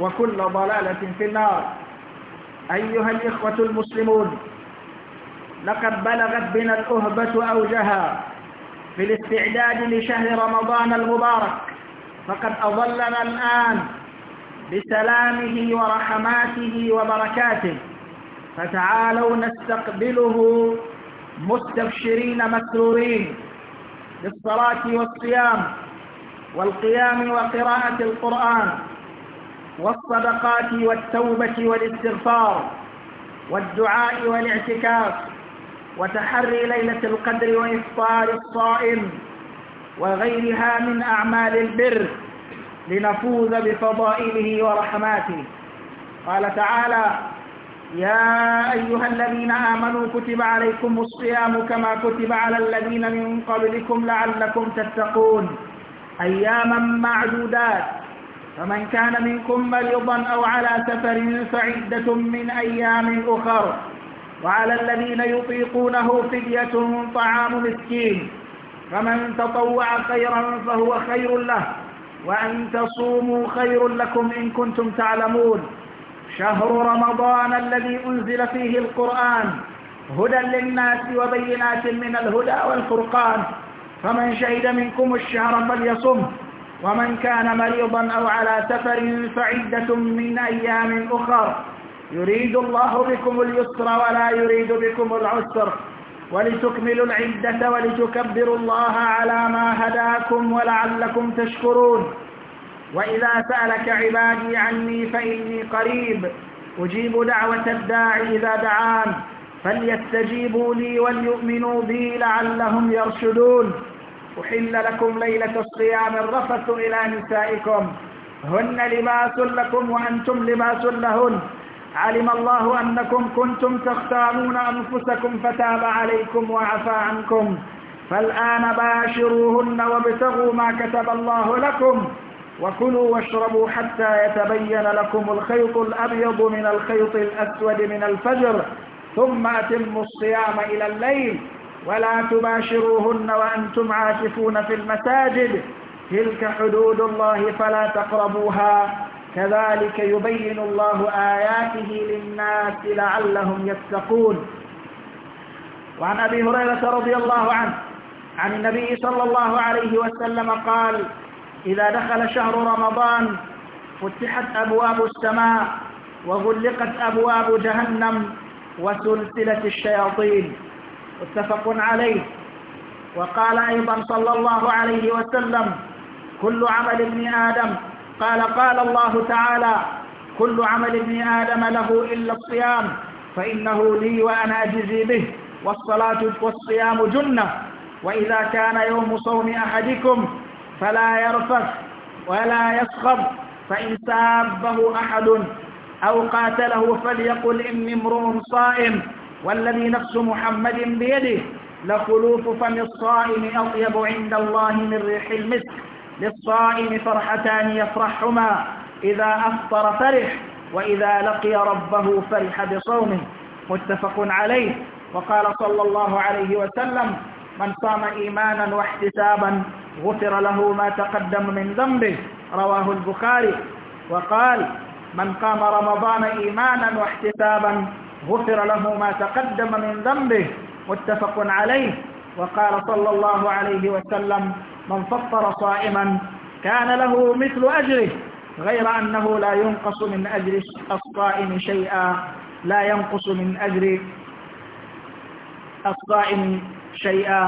وكل ضلالة في النار أيها الإخوة المسلمون لقد بلغت بنا الأهبة أوجها في الاستعداد لشهر رمضان المبارك فقد أظلنا الآن بسلامه ورحماته وبركاته فتعالوا نستقبله مستبشرين مسرورين بالصلاة والصيام والقيام وقراءة القرآن والصدقات والتوبة والاستغفار والدعاء والاعتكاف وتحري ليلة القدر وإفطار الصائم وغيرها من أعمال البر لنفوز بفضائله ورحماته قال تعالى يا أيها الذين آمنوا كتب عليكم الصيام كما كتب على الذين من قبلكم لعلكم تتقون أياما معدودات فمن كان منكم مريضا أو على سفر فعدة من أيام أخر وعلى الذين يطيقونه فدية طعام مسكين فمن تطوع خيرا فهو خير له وأن تصوموا خير لكم إن كنتم تعلمون شهر رمضان الذي أنزل فيه القرآن هدى للناس وبينات من الهدى والفرقان فمن شهد منكم الشهر فليصمه ومن كان مريضا أو على سفر فعدة من أيام أخر يريد الله بكم اليسر ولا يريد بكم العسر ولتكملوا العدة ولتكبروا الله على ما هداكم ولعلكم تشكرون وإذا سألك عبادي عني فإني قريب أجيب دعوة الداعي إذا دعان فليستجيبوا لي وليؤمنوا بي لعلهم يرشدون أحل لكم ليلة الصيام الرفث إلى نسائكم هن لباس لكم وأنتم لباس لهن علم الله أنكم كنتم تختارون أنفسكم فتاب عليكم وعفى عنكم فالآن باشروهن وابتغوا ما كتب الله لكم وكلوا واشربوا حتى يتبين لكم الخيط الأبيض من الخيط الأسود من الفجر ثم أتموا الصيام إلى الليل ولا تباشروهن وأنتم عاكفون في المساجد تلك حدود الله فلا تقربوها كذلك يبين الله آياته للناس لعلهم يتقون وعن أبي هريرة رضي الله عنه عن النبي صلى الله عليه وسلم قال إذا دخل شهر رمضان فتحت أبواب السماء وغلقت أبواب جهنم وسلسلة الشياطين متفق عليه وقال أيضا صلى الله عليه وسلم كل عمل ابن آدم قال قال الله تعالى كل عمل ابن آدم له إلا الصيام فإنه لي وأنا أجزي به والصلاة والصيام جنة وإذا كان يوم صوم أحدكم فلا يرفث ولا يسخب فإن سابه أحد أو قاتله فليقل إني امرؤ صائم والذي نفس محمد بيده لخلوف فم الصائم أطيب عند الله من ريح المسك للصائم فرحتان يفرحهما إذا أفطر فرح وإذا لقي ربه فرح بصومه متفق عليه وقال صلى الله عليه وسلم من صام إيمانا واحتسابا غفر له ما تقدم من ذنبه رواه البخاري وقال من قام رمضان إيمانا واحتسابا غفر له ما تقدم من ذنبه متفق عليه وقال صلى الله عليه وسلم من فطر صائما كان له مثل أجره غير أنه لا ينقص من أجر الصائم شيئا لا ينقص من أجر الصائم شيئا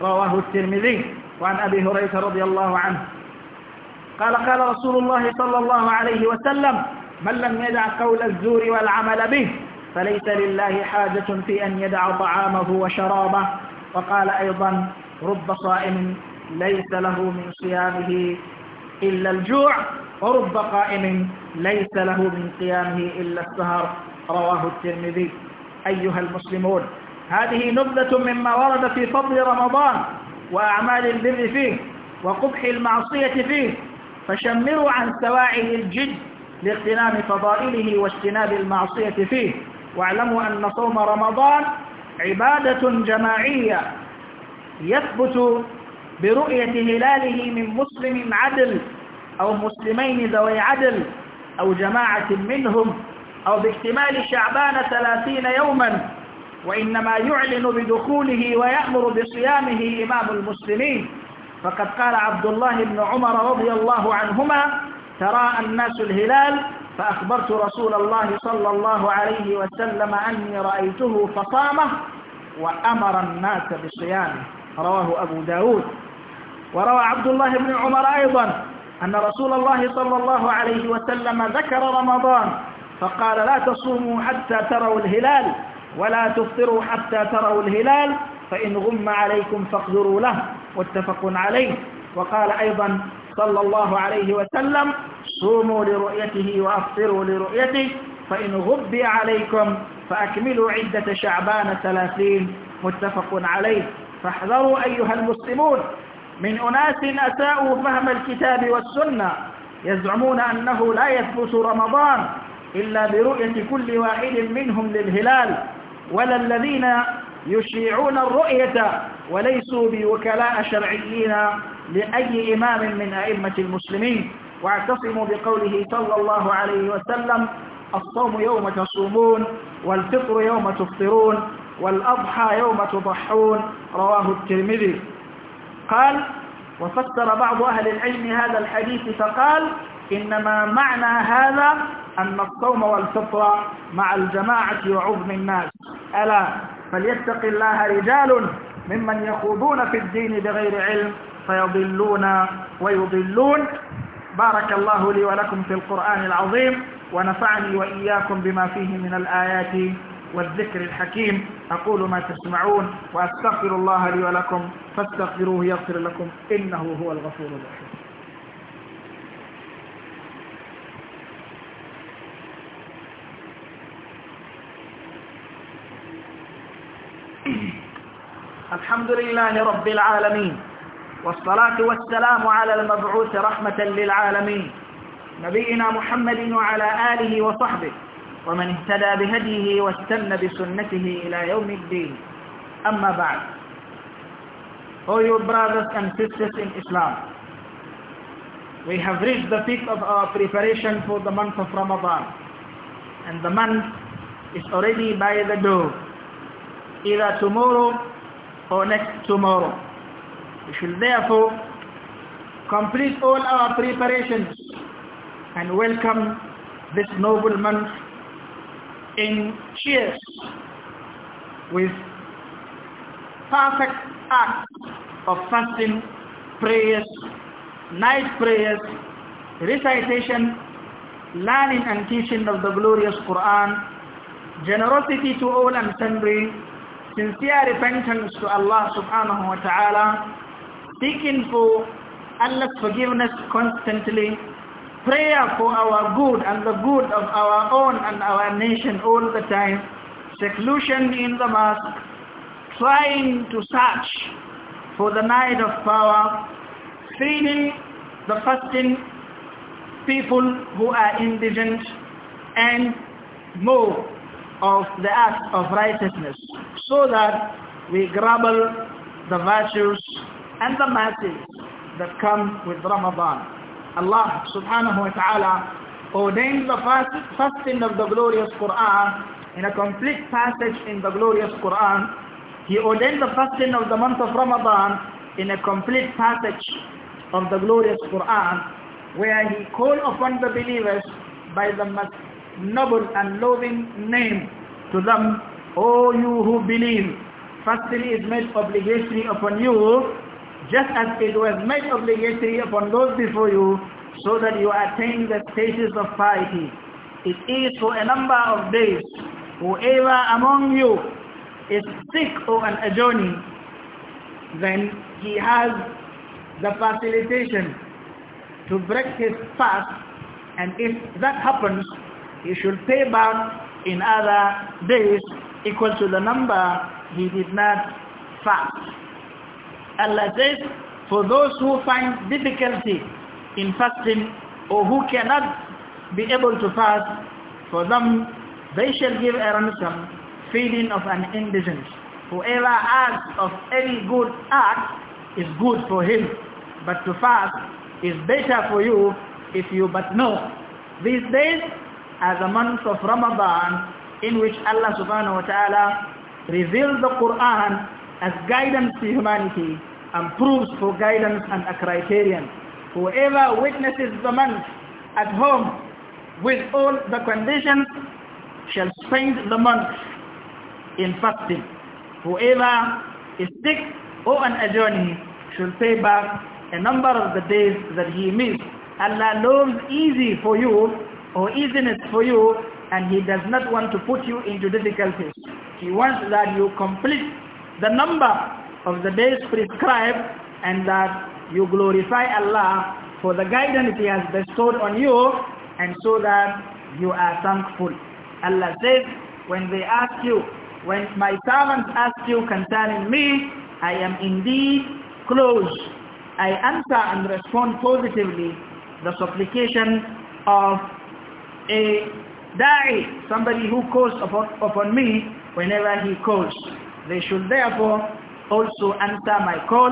رواه الترمذي وعن أبي هريرة رضي الله عنه قال قال رسول الله صلى الله عليه وسلم من لم يدع قول الزور والعمل به فليس لله حاجة في أن يدع طعامه وشرابه وقال أيضا رب صائم ليس له من صيامه إلا الجوع ورب قائم ليس له من قيامه إلا السهر رواه الترمذي أيها المسلمون هذه نبذة مما ورد في فضل رمضان وأعمال البر فيه وقبح المعصية فيه فشمروا عن سواعي الجد لاغتنام فضائله واجتناب المعصية فيه واعلموا أن صوم رمضان عبادة جماعية يثبت برؤية هلاله من مسلم عدل أو مسلمين ذوي عدل أو جماعة منهم أو باكتمال شعبان ثلاثين يوما وإنما يعلن بدخوله ويأمر بصيامه إمام المسلمين فقد قال عبد الله بن عمر رضي الله عنهما ترى الناس الهلال فأخبرت رسول الله صلى الله عليه وسلم أني رأيته فصامه وأمر الناس بصيامه رواه أبو داود وروى عبد الله بن عمر أيضا أن رسول الله صلى الله عليه وسلم ذكر رمضان فقال لا تصوموا حتى تروا الهلال ولا تفطروا حتى تروا الهلال فإن غم عليكم فاقدروا له واتفقوا عليه وقال أيضا صلى الله عليه وسلم صوموا لرؤيته وأفطروا لرؤيته فإن غبي عليكم فأكملوا عدة شعبان ثلاثين متفق عليه فاحذروا أيها المسلمون من أناس أساءوا فهم الكتاب والسنة يزعمون أنه لا يثبت رمضان إلا برؤية كل واحد منهم للهلال ولا الذين يشيعون الرؤية وليسوا بوكلاء شرعيين لأي إمام من أئمة المسلمين واعتصموا بقوله صلى الله عليه وسلم الصوم يوم تصومون والفطر يوم تفطرون والأضحى يوم تضحون رواه الترمذي قال وفسر بعض أهل العلم هذا الحديث فقال إنما معنى هذا أن الصوم والفطر مع الجماعة وعظم الناس ألا فليتق الله رجال ممن يخوضون في الدين بغير علم فيضلون ويضلون بارك الله لي ولكم في القرآن العظيم ونفعني وإياكم بما فيه من الآيات والذكر الحكيم أقول ما تسمعون وأستغفر الله لي ولكم فاستغفروه يغفر لكم إنه هو الغفور الرحيم الحمد لله رب العالمين والصلاة والسلام على المبعوث رحمة للعالمين نبينا محمد وعلى آله وصحبه ومن اهتدى بهديه واستنى بسنته إلى يوم الدين أما بعد Oh you brothers and sisters in Islam We have reached the peak of our preparation for the month of Ramadan and the month is already by the door either tomorrow or next tomorrow We should therefore complete all our preparations and welcome this noble month in cheers with perfect acts of fasting, prayers, night prayers, recitation, learning and teaching of the glorious Quran, generosity to all and sundry, sincere repentance to Allah subhanahu wa ta'ala, seeking for Allah's forgiveness constantly, prayer for our good and the good of our own and our nation all the time, seclusion in the mosque, trying to search for the night of power, feeding the fasting people who are indigent, and more of the act of righteousness, so that we grapple the virtues and the message that comes with Ramadan. Allah subhanahu wa ta'ala ordained the fasting of the glorious Quran in a complete passage in the glorious Quran. He ordained the fasting of the month of Ramadan in a complete passage of the glorious Quran where he called upon the believers by the most noble and loving name to them, O you who believe, fasting is made obligatory upon you just as it was made obligatory upon those before you, so that you attain the stages of piety. It is for a number of days, whoever among you is sick or on a journey, then he has the facilitation to break his fast, and if that happens, he should pay back in other days equal to the number he did not fast. Allah says, for those who find difficulty in fasting or who cannot be able to fast, for them they shall give a ransom feeding of an indigent. Whoever asks of any good act is good for him, but to fast is better for you if you but know. These days are the months of Ramadan in which Allah subhanahu wa ta'ala reveals the Quran as guidance to humanity and proofs for guidance and a criterion. Whoever witnesses the month at home with all the conditions shall spend the month in fasting. Whoever is sick or on a journey shall pay back a number of the days that he missed. Allah loves easy for you or easiness for you and he does not want to put you into difficulties. He wants that you complete the number of the days prescribed and that you glorify Allah for the guidance He has bestowed on you and so that you are thankful. Allah says, when they ask you, when my servants ask you concerning me, I am indeed close. I answer and respond positively the supplication of a da'i, somebody who calls upon, upon me whenever he calls. They should therefore also answer my call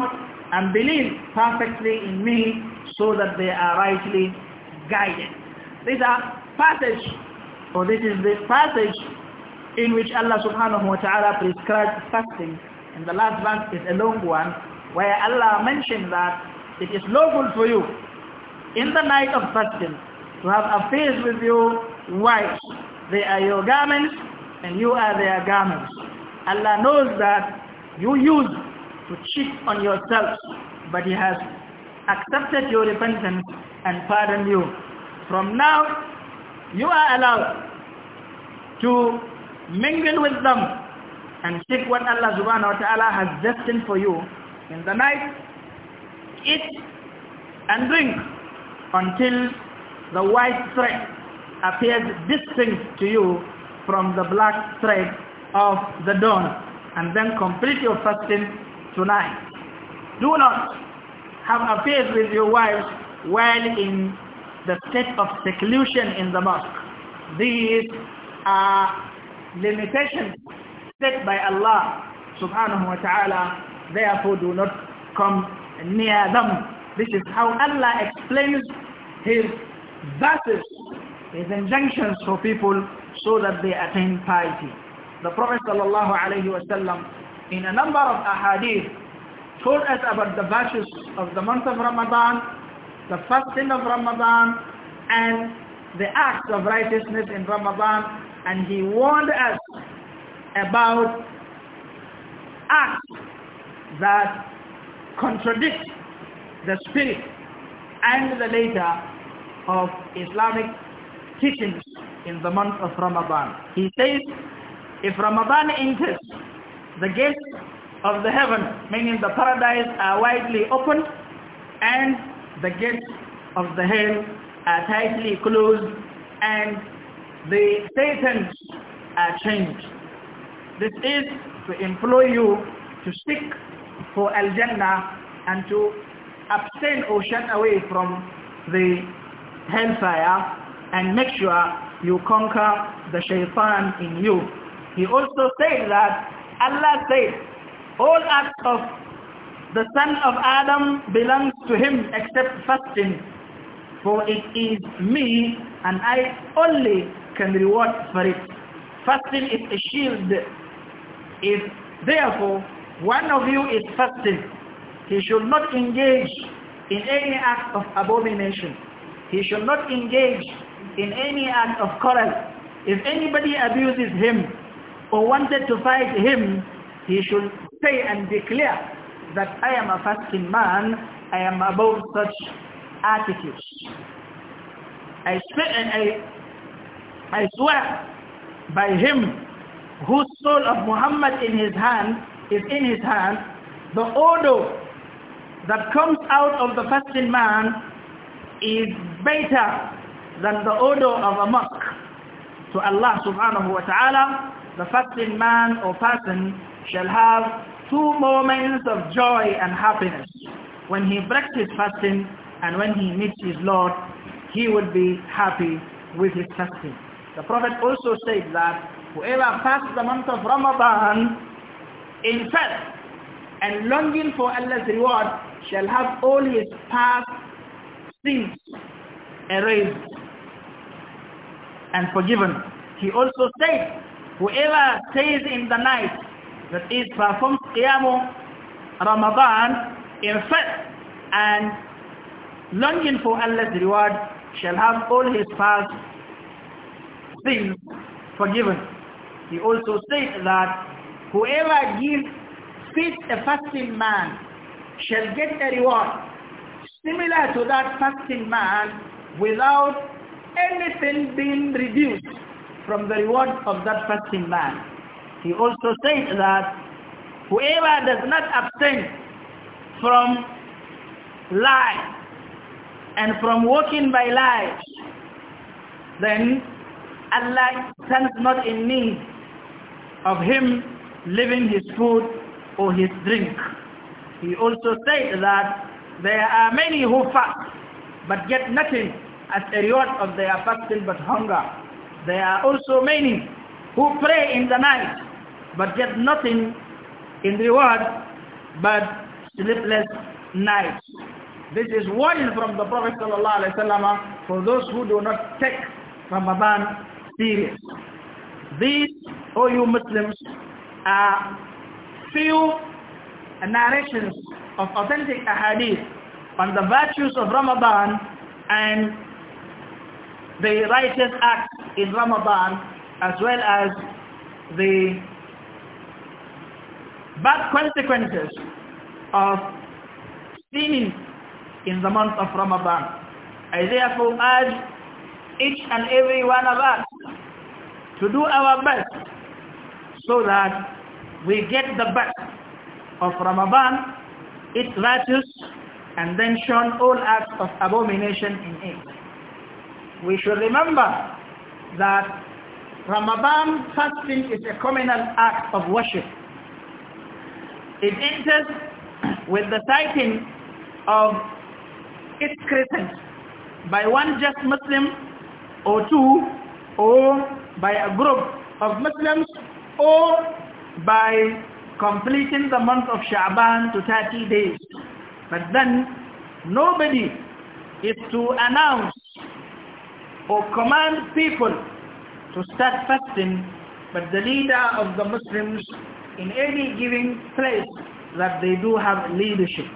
and believe perfectly in me so that they are rightly guided. These are passage, or this is the passage in which Allah subhanahu wa ta'ala prescribes fasting. And the last verse is a long one where Allah mentioned that it is lawful for you in the night of fasting to have affairs with your wives. They are your garments and you are their garments. Allah knows that you used to cheat on yourself, but He has accepted your repentance and pardoned you. From now, you are allowed to mingle with them and seek what Allah subhanahu wa ta'ala has destined for you in the night, eat and drink until the white thread appears distinct to you from the black thread of the dawn and then complete your fasting tonight. Do not have affairs with your wives while in the state of seclusion in the mosque. These are limitations set by Allah subhanahu wa ta'ala. Therefore do not come near them. This is how Allah explains his verses, his injunctions for people so that they attain piety. The Prophet ﷺ in a number of ahadith told us about the virtues of the month of Ramadan, the fasting of Ramadan, and the acts of righteousness in Ramadan. And he warned us about acts that contradict the spirit and the letter of Islamic teachings in the month of Ramadan. He says, if Ramadan enters, the gates of the heaven, meaning the paradise, are widely open and the gates of the hell are tightly closed and the Satans are changed. This is to implore you to seek for Al-Jannah and to abstain or shun away from the hellfire and make sure you conquer the shaitan in you. He also said that Allah said, all acts of the son of Adam belongs to him except fasting, for it is me and I only can reward for it. Fasting is a shield. If therefore one of you is fasting, he should not engage in any act of abomination. He should not engage in any act of quarrel. If anybody abuses him, or wanted to fight him, he should say and declare that I am a fasting man, I am above such attitudes. I, I, I swear by him whose soul of Muhammad in his hand is in his hand, the odor that comes out of the fasting man is better than the odor of a musk to Allah subhanahu wa ta'ala the fasting man or person shall have two moments of joy and happiness. When he breaks his fasting and when he meets his Lord, he will be happy with his fasting. The Prophet also said that whoever fasts the month of Ramadan in faith and longing for Allah's reward shall have all his past sins erased and forgiven. He also said Whoever stays in the night, that is performs Qiyamu Ramadan in faith and longing for Allah's reward shall have all his past sins forgiven. He also said that whoever gives feeds a fasting man shall get a reward similar to that fasting man without anything being reduced from the reward of that fasting man. He also said that whoever does not abstain from lies and from walking by lies, then Allah stands not in need of him leaving his food or his drink. He also said that there are many who fast but get nothing as a reward of their fasting but hunger. There are also many who pray in the night but get nothing in reward but sleepless nights. This is warning from the Prophet ﷺ for those who do not take Ramadan serious. These, O you Muslims, are few narrations of authentic ahadith on the virtues of Ramadan and the righteous acts in Ramadan as well as the bad consequences of sinning in the month of Ramadan. I therefore urge each and every one of us to do our best so that we get the best of Ramadan, its virtues, and then shun all acts of abomination in it we should remember that Ramadan fasting is a communal act of worship. It enters with the sighting of its crescent by one just Muslim or two or by a group of Muslims or by completing the month of Sha'ban to 30 days. But then nobody is to announce or command people to start fasting, but the leader of the Muslims in any given place that they do have leadership.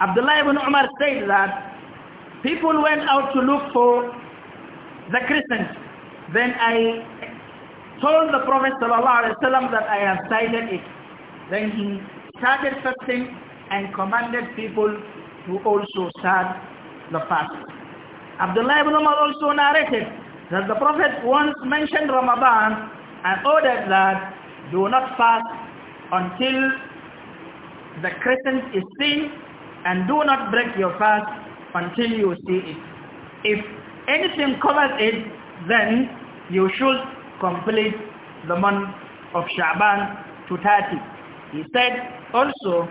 Abdullah ibn Umar said that people went out to look for the Christians. Then I told the Prophet ﷺ that I have sighted it. Then he started fasting and commanded people to also start the fast. Abdullah ibn Umar also narrated that the Prophet once mentioned Ramadan and ordered that do not fast until the crescent is seen and do not break your fast until you see it. If anything covers it, then you should complete the month of Sha'ban to 30. He said also,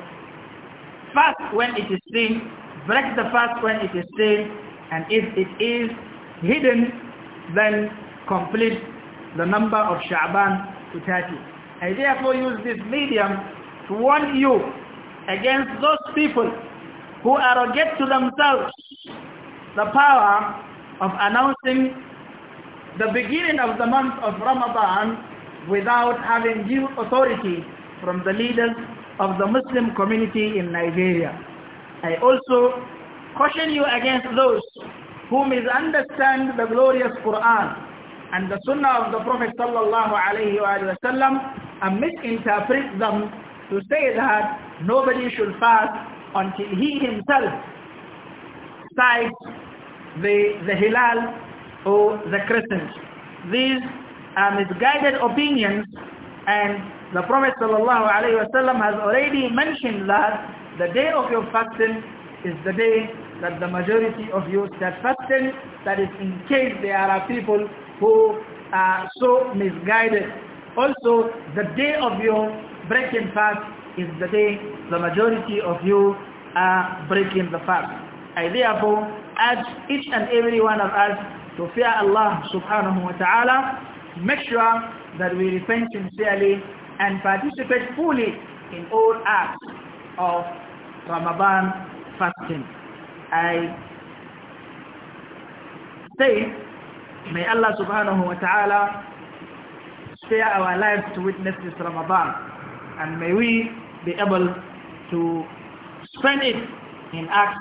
fast when it is seen, break the fast when it is seen, and if it is hidden then complete the number of Sha'ban to 30 I therefore use this medium to warn you against those people who arrogate to themselves the power of announcing the beginning of the month of Ramadan without having due authority from the leaders of the Muslim community in Nigeria. I also caution you against those who misunderstand the glorious Quran and the Sunnah of the Prophet sallallahu alaihi wasallam and misinterpret them to say that nobody should fast until he himself sights the, the hilal or the crescent. These are misguided opinions and the Prophet sallallahu alaihi wasallam has already mentioned that the day of your fasting is the day that the majority of you that fasting, that is in case there are people who are so misguided. Also, the day of your breaking fast is the day the majority of you are breaking the fast. I therefore urge each and every one of us to fear Allah subhanahu wa ta'ala, make sure that we repent sincerely and participate fully in all acts of Ramadan fasting. I say, mai Allah subhanahu wa ta'ala spare our lives to witness this Ramadan and may we be able to spend it in acts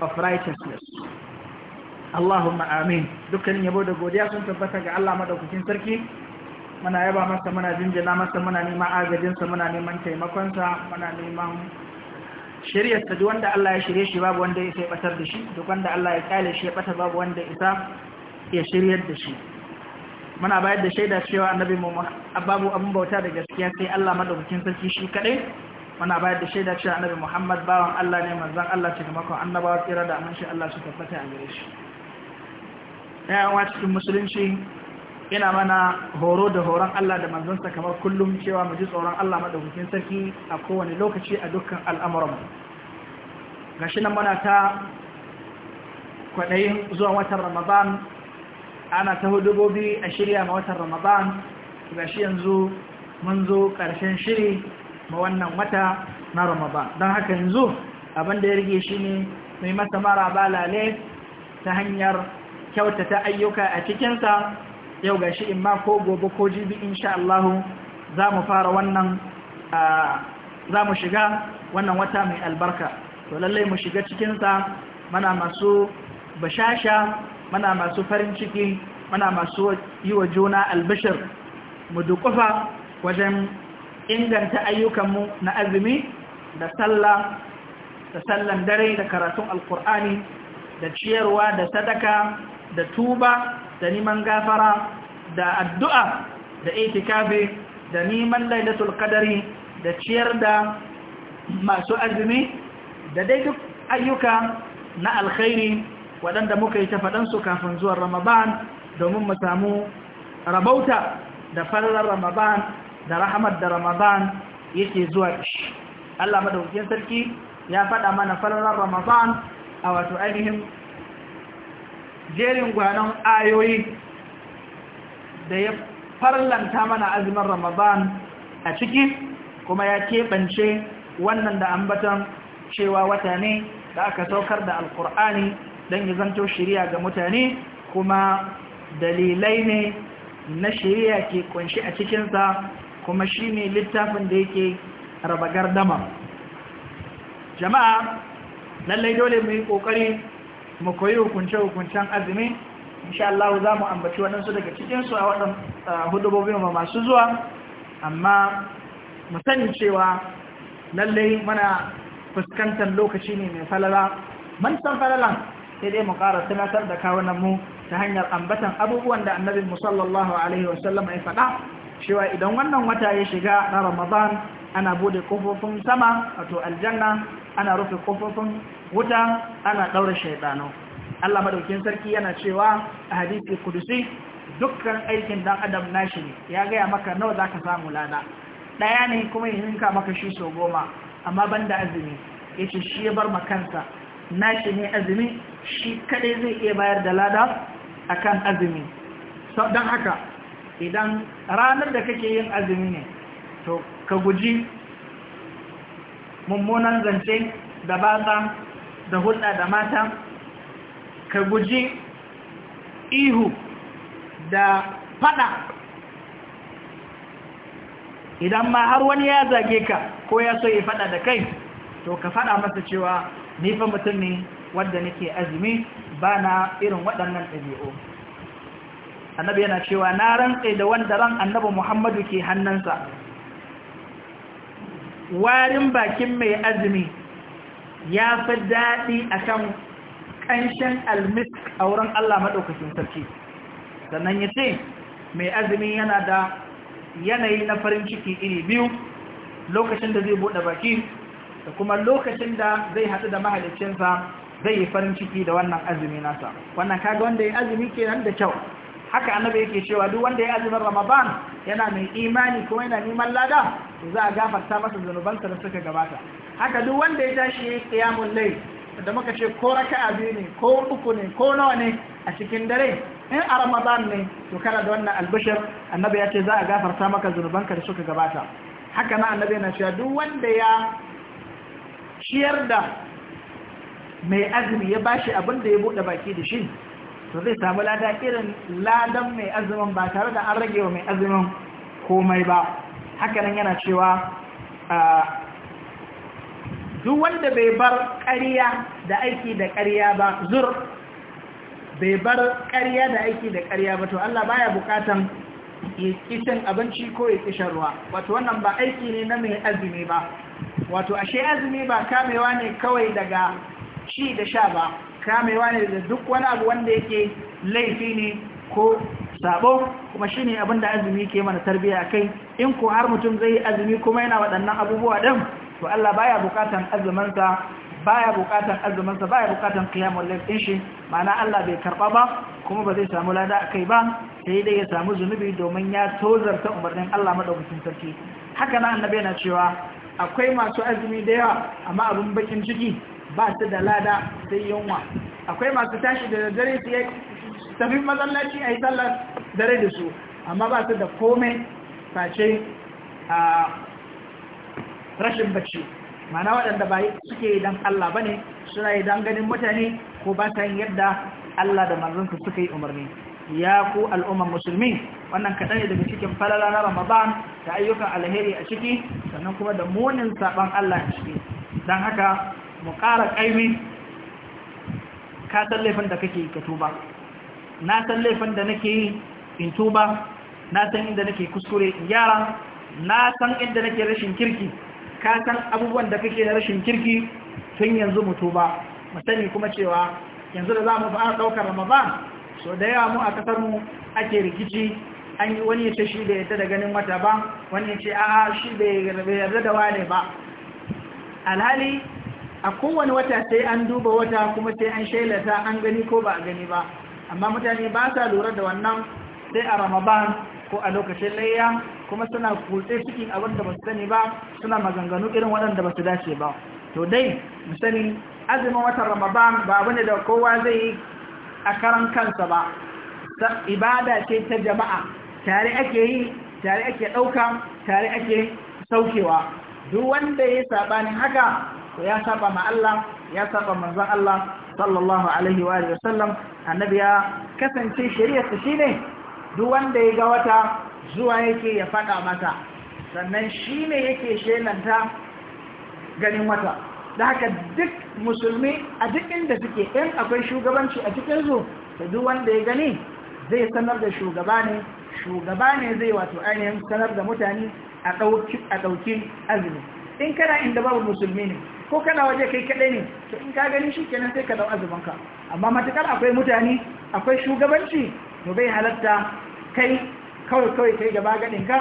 of righteousness. Allahumma amin. Dukkanin yabo da godiya sun tabbata ga Allah madaukakin sarki. Muna yaba masa muna jinjina masa muna neman agajinsa muna neman taimakonsa muna neman shari'ar ta wanda Allah ya shirye shi babu wanda ya sai batar da shi duk wanda Allah ya kyale shi ya bata babu wanda isa ya shirye da shi muna bayar da shaida cewa annabi Muhammad babu abin bauta da gaskiya sai Allah madaukakin sarki shi kadai muna bayar da shaida cewa annabi Muhammad bawan Allah ne manzon Allah ce kuma annabawa tsira da aminci Allah su tabbata a gare shi ya yawa cikin musulunci ina mana horo da horon Allah da manzansa kamar kullum cewa mu ji tsoron Allah madaukakin sarki a kowane lokaci a dukkan al'amuran gashi nan muna ta kwaɗayin zuwa watan Ramadan ana ta hudu gobe a shirya ma watan Ramadan gashi yanzu mun zo ƙarshen shiri ma wannan wata na Ramadan don haka yanzu abin da ya rige shi ne mai masa mara balale ta hanyar kyautata ayyuka a cikinsa yau gashi in ma ko gobe ko jibi insha Allah za mu fara wannan za mu shiga wannan wata mai albarka to lallai mu shiga cikinsa mana masu bashasha mana masu farin ciki mana masu yi wa juna albishir mu dukufa wajen inganta ayyukanmu na azumi da sallah da sallan dare da karatun alkur'ani da ciyarwa da sadaka da tuba da neman gafara da addu'a da itikafi da neman lailatul kadari da ciyar da masu azumi da dai duk ayyuka na alkhairi waɗanda muka yi ta faɗansu kafin zuwa ramadan domin mu samu rabauta da farar ramadan da rahamar da ramadan yake zuwa shi Allah madaukiyar sarki ya faɗa mana farar ramadan a wato ainihin jerin gwanon ayoyi da ya farlanta mana azumin ramadan a ciki kuma ya keɓance wannan da ambatan cewa wata ne da aka saukar da alkur'ani don yi zanto shirya ga mutane kuma dalilai ne na shirya ke kunshi a cikinsa kuma shi ne littafin da yake raba gardama jama'a lallai dole mu yi ƙoƙari mu koyi hukunce-hukuncen azumi insha Allah za mu ambaci waɗansu daga cikinsu a waɗan hudubobin ba masu zuwa amma mu sani cewa lallai mana fuskantar lokaci ne mai falala man san falalan sai dai mu ƙara sanatar da kawunan mu ta hanyar ambatan abubuwan da annabin mu sallallahu alaihi wasallam ya faɗa cewa idan wannan wata ya shiga na ramadan ana bude kofofin sama wato aljanna ana rufe kofofin wuta ana daura shaidano Allah madaukin sarki yana cewa a hadisi kudusi dukkan aikin dan adam nashi ne ya gaya maka nawa zaka samu lada daya ne kuma ya ninka maka shi so goma amma banda azumi yace shi ya bar makansa nashi ne azumi shi kadai zai iya bayar da lada akan azumi don haka idan ranar da kake yin azumi ne to ka guji mummunan zance da baza da hulɗa da mata ka guji ihu da fada idan ma har wani ya zage ka ko ya so ya fada da kai to ka fada masa cewa nifa mutum ne wadda nake azumi ba na irin waɗannan ɗabi'u annabi yana cewa na rantse da wanda ran annabi muhammadu ke hannansa. warin bakin mai azumi ya fi daɗi a kan ƙanshin almisk a wurin Allah maɗaukacin sarki sannan ya ce mai azumi yana da yanayi na farin ciki iri biyu lokacin da zai buɗe baki da kuma lokacin da zai haɗu da mahaliccinsa zai yi farin ciki da wannan azumi nasa wannan kaga wanda ya azumi kenan da kyau haka annabi yake cewa duk wanda ya azumin ramadan yana mai imani kuma yana neman lada za a gafarta masa zanubansa da suka gabata haka duk wanda ya tashi ya yi kiyamun lai da muka ce ko raka biyu ne ko uku ne ko nawa ne a cikin dare in a ramadan ne to kana da wannan albishir annabi ya ce za a gafarta maka zanubanka da suka gabata haka na annabi yana cewa duk wanda ya ciyar da mai azumi ya bashi abin da ya buɗe baki da shi to zai samu lada irin ladan mai azumin ba tare da an rage wa mai azumin komai ba hakanan yana cewa ah, duk wanda bai bar ƙariya da aiki da ƙariya ba zur bai bar ƙariya da aiki da ƙariya ba to Allah baya bukatan ya kishin abinci ko ya kishin ruwa wato wannan ba aiki ne na mai azumi ba wato ashe azumi ba kamewa ne kawai daga ci da sha ba kamewa ne da duk wani abu wanda yake laifi ne ko sabo kuma shine abin da azumi ke mana tarbiya kai in ko har mutum zai yi azumi kuma yana waɗannan abubuwa din to Allah baya bukatan sa baya bukatan sa baya bukatan qiyamul layl din shi ma'ana Allah bai karba ba kuma ba zai samu lada kai ba sai dai ya samu zunubi domin ya tozarta umarnin Allah madaukakin sarki haka nan annabi yana cewa akwai masu azumi da yawa amma abin bakin ciki ba su da lada sai yunwa akwai masu tashi da dare, su tafi masallaci a yi sallar dare da su amma ba su da komai face a rashin bacci mana waɗanda ba suke yi don Allah ba ne suna yi don ganin mutane ko ba ta yin yadda Allah da manzansa suka yi umarni ya ku al'umman musulmi wannan kaɗan daga cikin falala na ramadan da ayyukan alheri a ciki sannan kuma da munin saɓan Allah a ciki don haka mu ƙara ƙaimi ka san laifin da kake ka tuba na san laifin da nake yi in tuba na san inda nake kuskure in gyara na san inda nake rashin kirki ka san abubuwan da kake rashin kirki tun yanzu mu tuba mu sani kuma cewa yanzu da za mu fara ɗaukar ramadan so da yawa mu a kasar mu ake rikici an yi wani ce shi da yadda da ganin wata ba wani ce a shi bai yarda da wane ba alhali a kowane wata sai an duba wata kuma sai an shailata an gani ko ba a gani ba amma mutane ba sa lura da wannan sai a ramadan ko a lokacin layya kuma suna kutse cikin abin da ba su sani ba suna maganganu irin waɗanda ba su dace ba to dai mu sani azumin watan ramadan ba abu ne da kowa zai yi a karan kansa ba ibada ce ta jama'a tare ake yi tare ake ɗauka tare ake saukewa duk wanda ya yi saɓanin haka to ya saba ma Allah ya saba manzon Allah sallallahu alaihi wa alihi wasallam annabi ya kasance shari'arsa shine duk wanda ya ga wata zuwa yake ya fada mata sannan shine yake shelanta ganin wata da haka duk musulmi a duk inda suke in akwai shugabanci a cikin su da duk wanda ya gani zai sanar da shugaba ne shugaba ne zai wato ainihin sanar da mutane a ɗauki azumi in kana inda babu musulmi ne ko kana waje kai kaɗai ne to in ka gani shi kenan sai ka dau azumanka amma matukar akwai mutane akwai shugabanci to bai halatta kai kawai kawai kai gaba ka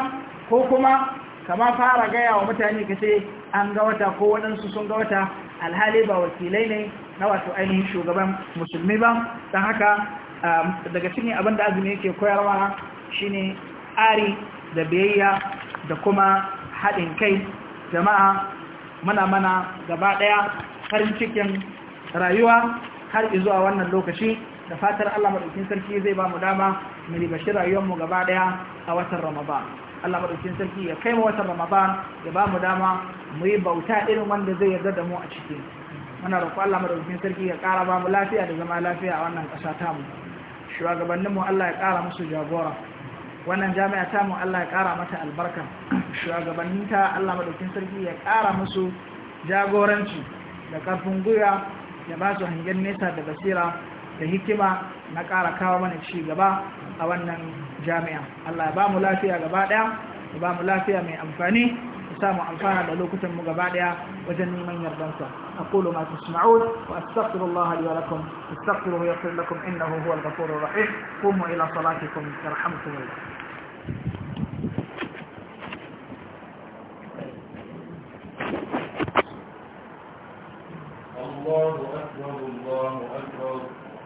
ko kuma kama fara gaya wa mutane ka ce an ga wata ko waɗansu sun ga wata alhali ba wakilai ne na wato ainihin shugaban musulmi ba Dan haka um, daga cikin abin da azumi yake koyarwa shine ari da biyayya da kuma haɗin kai jama'a muna mana gaba ɗaya farin cikin rayuwa har izuwa wannan lokaci da fatar Allah madaukin sarki zai ba mu dama mu rayuwar mu gaba ɗaya a watan Ramadan. Allah madaukin sarki ya kai mu watan Ramadan ya ba mu dama mu yi bauta irin wanda zai yarda da mu a ciki. Muna roƙon Allah madaukin sarki ya ƙara ba mu lafiya da zama lafiya a wannan ƙasa tamu. Shugabanninmu Allah ya ƙara musu jagora. wannan jami'a ta mu Allah ya kara mata albarka shugabanninta Allah madaukin sarki ya ƙara musu jagoranci da karfin gwiwa ya ba su hangen nesa da basira da hikima na kara kawo mana ci gaba a wannan jami'a Allah ya ba mu lafiya gaba ɗaya ya ba mu lafiya mai amfani ya sa mu amfana da lokutan mu gaba ɗaya wajen neman yardansa aqulu ma tasma'un wa astaghfirullaha li wa lakum astaghfiruhu yaghfir lakum innahu huwal ghafurur rahim qumu ila salatikum yarhamkumullah الله أكبر الله أكبر